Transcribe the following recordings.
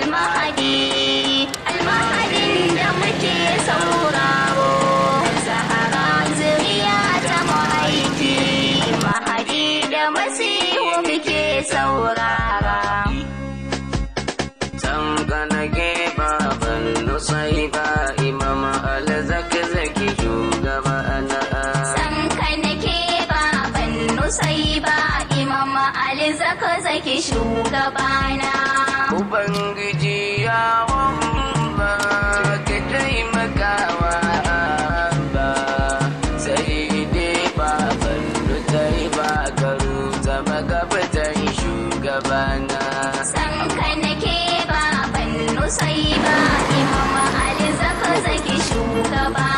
almahadi almahadin da muke sauraro zahara zuriya da mahaiki mahadi da masihu ke saurara tanganage baban nusai ba imam alzakzaki shugaba ana'a tanganage baban nusai ba imam alzakzaki shugabana ubangiji ya wamba ka taimakawa ba sai dai ba kallo tai ba karu zama gabatan shugabana san ka nake ba bannu sai ba imama ali zaka zaki shugaba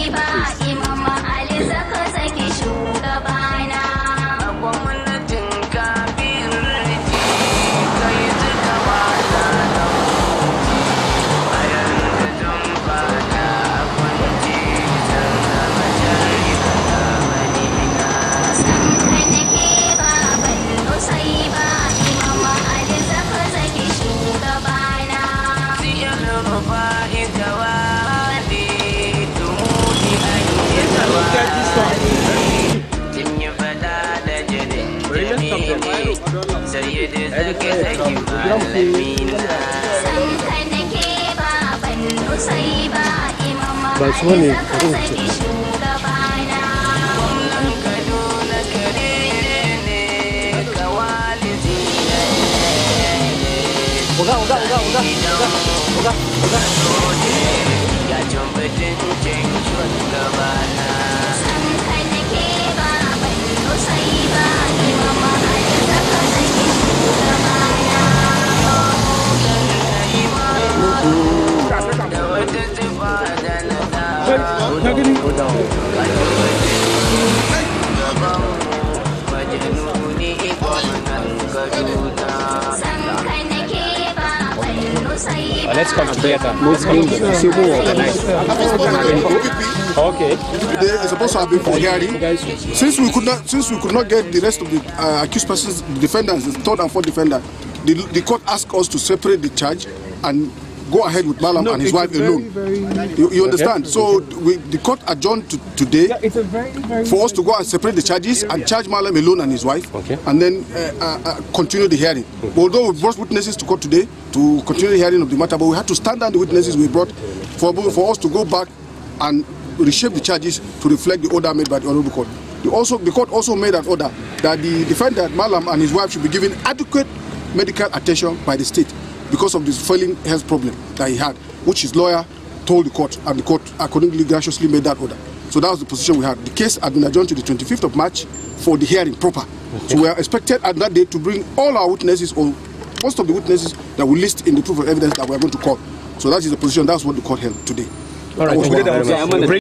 ne sai da zage zage malamina ba su ne karin ce Uga, uga, uga, uga, Ya jumpa cincin shugabana. let's come together. Muslims, civil organized. Okay. They supposed to have been for hearing. Since we could not, since we could not get the rest of the uh, accused persons, defendants, third and fourth defender, the, the court asked us to separate the charge and go ahead with Malam no, and his wife very, alone. Very, you, you understand? Okay. So we, the court adjourned to today yeah, very, for us to go and separate the charges and charge Malam alone and his wife okay. and then uh, uh, uh continue the hearing. Okay. Hmm. Although we brought witnesses to court today to continue the hearing of the matter, but we had to stand down the witnesses we brought for, for us to go back and reshape the charges to reflect the order made by the Honorable Court. The, also, the court also made an order that the defendant Malam and his wife should be given adequate medical attention by the state. because of this failing health problem that he had, which his lawyer told the court, and the court accordingly graciously made that order. So that was the position we had. The case had been adjourned to the 25th of March for the hearing proper. Okay. So we are expected at that day to bring all our witnesses or most of the witnesses that we list in the proof of evidence that we are going to call. So that is the position. That's what the court held today. All right.